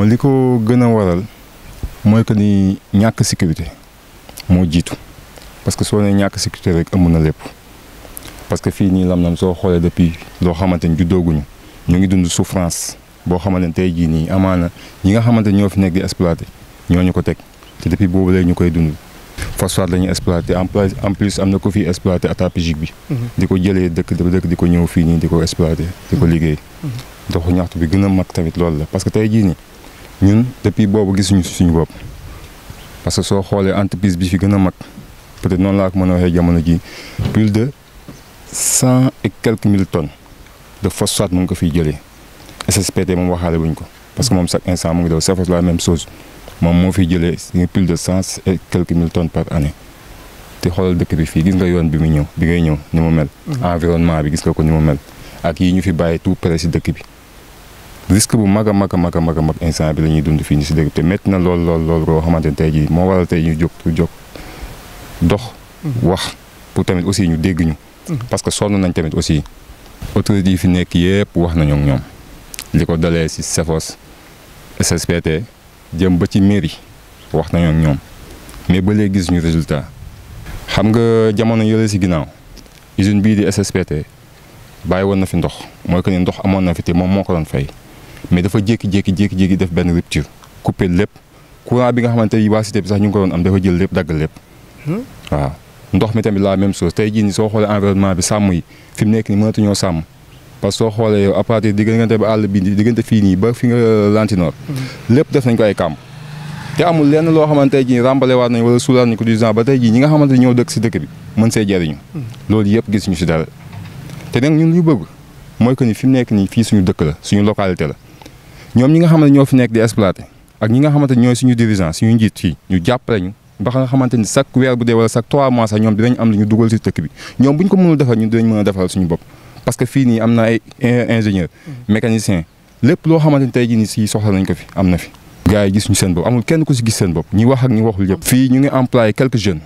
non li ko gën a waral mooy que ni ñàkk sécurité moo jiitu parce que soo nee ñàkk sécurité rek ëmb na lépp parce que fii nii Lam-Lam soo xoolee depuis loo xamante ni juddooguñu ñu ngi dund souffrance boo xamante ne jii nii amaana ñi nga xamante ñoo fi nekk di ñoo ñu ko teg te depuis boobu léegi ñu koy dund phosphate la ñuy exploité en plus en plus am na ko fii exploité atapigique bi. Mhm. di ko jëlee dëkk dëkk di ko ñëw fii nii di ko exploité. di ko mhm. liggéey. Mhm. doxu ñaxtu bi gën a mag tamit loolu la parce que tey jii nii. ñun depuis boobu gisuñu si suñu bopp parce que soo xoolee entreprise bi fi gën a mag peut-être noonu laa ko mën a waxee jamono ji plus de cent et quelques mille tonnes de phosphate mu ngi ko fiy jëlee SSPT moom waxaale wuñ ko parce que moom chaque instant mu ngi daw c'est la même chose moom moo fiy jëlee plus de cent et quelques mille tonnes par année te xoolal dëkk bi fii gis nga yoon bi mu ñëw bi ngay ñëw ni mu mel mm. environnement bi gis nga ko ni mu mel ak yi ñu fi bàyyi tout près si dëkk bi risque bu mag a mag a mag a mag a mag instant bi la ñuy dund fii si te métti na lool lool lool loo mhm. pour aussi ñu dégg mhm. parce que sonn nañ tamit aussi autorités yi fi nekk yëpp wax nañu ak ñoom li ko dalee si SSPT jëm ba ci mairie wax nañu ak ñoom mais ba léegi gis ñu résultat xam nga jamono yële si ginnaaw usine SSPT mais dafa jékki-jékki jékki-jékki def benn rupture coupé lépp courant bi nga xamante ni waa cité bi sax ñu ngi ko doon am dafa jël lépp dagg lépp hmm? waaw ndox mi tamit la même chose tey jii nii soo xoolee environnement bi sàmm yi fi mu nekk nii mënatuñoo sàmm parce que soo xoolee yow à partir diggante ba àll bi diggante fii nii ba fi nga euh, lantinoor hmm. lépp def nañ ko ay kàmb te amul lenn loo xamante ne jii ràmbale waat nañ wala suulaat nañ ko ba tey jii ñi nga xamante ni ñoo dëkk si dëkk bi mën see jariñu hmm. loolu yëpp gis ñu si dara te nag ñun ñu bëgg mooy que ni fi mu nekk nii fii suñu dëkk la suñu localité la ñom ñi nga xamanteni ñoo fi nekk di exploité ak ñi nga xamanteni ñoy suñu dirigeant suñu njiit fi ñu jàppale ñu ba nga xamanteni chaque weer bu dé wala chaque 3 mois sax ñoom dinañ am lu duggal ci tekk bi ñom buñ ko mënul défa ñu dinañ mëna a suñu bop parce que fi mm. ni amna ay ingénieur mécanicien lepp lo xamanteni tay ji ni nii si soxla nañ ko fi amna fi gaay yi gis ñu seen bopp amul kenn ku ci gis seen bop ñi wax ak ñi waxul yépp fi ñu ngi employer quelques jeunes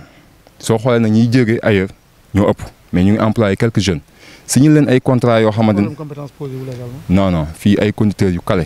so xolé nag ñi jóge ailleurs ñoo ëpp mais ñu ngi employer quelques jeunes si ñu leen ay contrat yo xamanteni non non fi ay conducteurs yu calé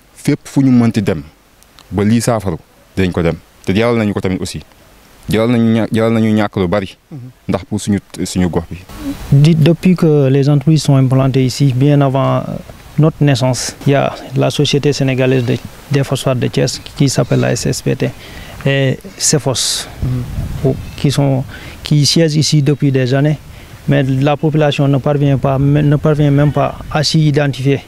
depuis que les entreprises sont implantées ici bien avant euh, notre naissance il y a la société sénégalaise des phosphates de Thiès qui s'appelle la SSPT et CEPHOS mhm. qui sont qui siègent ici depuis des années mais la population ne parvient pas ne parvient même pas à s'y identifier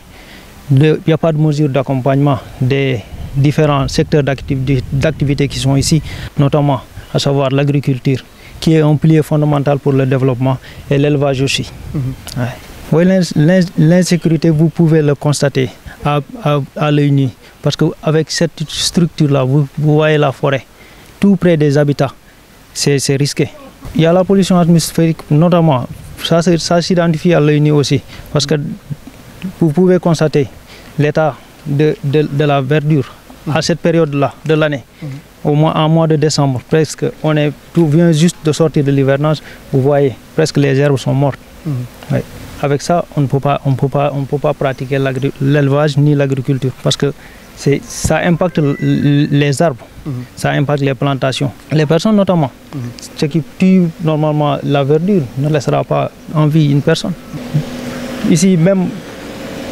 il n'y a pas de mesure d'accompagnement des différents secteurs d'activité qui sont ici, notamment à savoir l'agriculture, qui est un pilier fondamental pour le développement, et l'élevage aussi. Mhm. l'insécurité, vous pouvez le constater à, à, Parce qu'avec cette structure-là, vous, voyez la forêt, tout près des habitats, c'est risqué. Il y a la pollution atmosphérique, notamment, ça, ça s'identifie à l'œil aussi. Parce que vous pouvez constater, l'état de, la verdure à cette période-là de l'année, mhm. au moins en mois de décembre, presque, on est, tout vient juste de sortir de l'hivernage, vous voyez, presque les herbes sont mortes. Mhm. Avec ça, on ne peut pas, on peut pas, on peut pas pratiquer l'élevage ni l'agriculture parce que ça impacte les arbres, mhm. ça impacte les plantations, les personnes notamment. Ce qui tue normalement la verdure ne laissera pas en vie une personne. Ici, même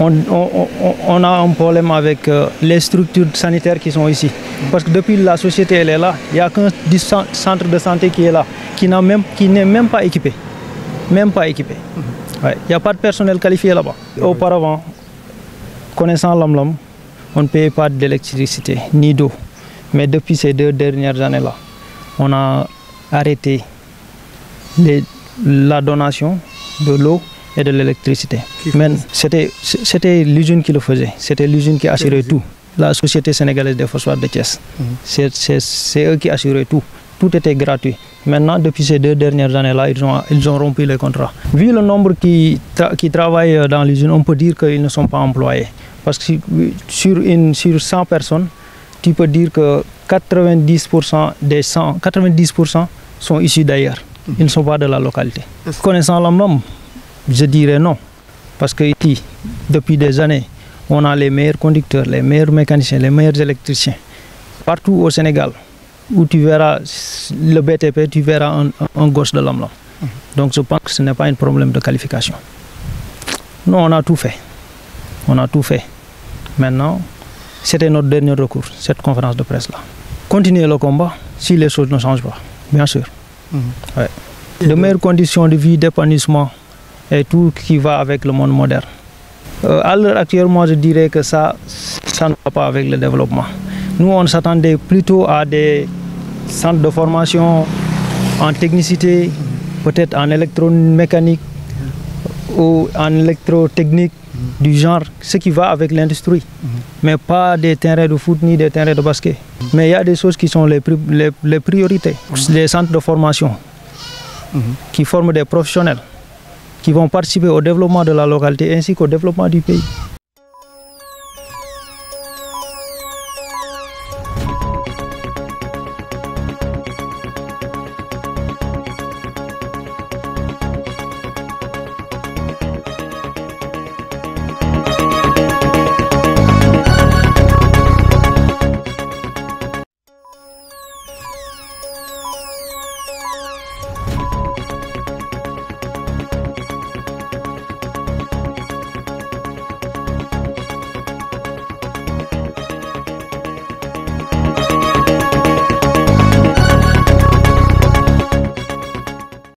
on, a un problème avec euh, les structures sanitaires qui sont ici. Parce que depuis la société, elle est là, il n'y a qu'un centre de santé qui est là, qui n'est même, pas équipé. Même pas équipé. Mhm. Il n'y a pas de personnel qualifié là-bas. Auparavant, connaissant l'Homme, on ne payait pas d'électricité ni d'eau. Mais depuis ces deux dernières années-là, on a arrêté la donation de l'eau et de l'électricité. Mais c'était l'usine qui le faisait, c'était l'usine qui assurait tout. La Société sénégalaise des phosphates de Thiès, c'est eux qui assuraient tout. Tout était gratuit. Maintenant, depuis ces deux dernières années-là, ils ont, ils ont rompu les contrats. Vu le nombre qui, qui travaillent dans l'usine, on peut dire qu'ils ne sont pas employés. Parce que sur, une, sur 100 personnes, tu peux dire que 90% des 100, 90% sont issus d'ailleurs. Ils ne sont pas de la localité. Connaissant lhomme je dirais non. Parce que ici, depuis des années, on a les meilleurs conducteurs, les meilleurs mécaniciens, les meilleurs électriciens. Partout au Sénégal, où tu verras le BTP, tu verras un, gauche gosse de l'homme. Donc je pense que ce n'est pas un problème de qualification. Nous, on a tout fait. On a tout fait. Maintenant, c'était notre dernier recours, cette conférence de presse-là. Continuer le combat si les choses ne changent pas, bien sûr. Les mhm. meilleures conditions de vie, d'épanouissement, et tout qui va avec le monde moderne. Euh, à l'heure actuelle, je dirais que ça, ça ne va pas avec le développement. Nous, on s'attendait plutôt à des centres de formation en technicité, peut-être en électromécanique ou en électrotechnique du genre, ce qui va avec l'industrie. Mais pas des terrains de foot ni des terrains de basket. Mais il y a des choses qui sont les priorités. Les centres de formation mhm. qui forment des professionnels qui vont participer au développement de la localité ainsi qu'au développement du pays.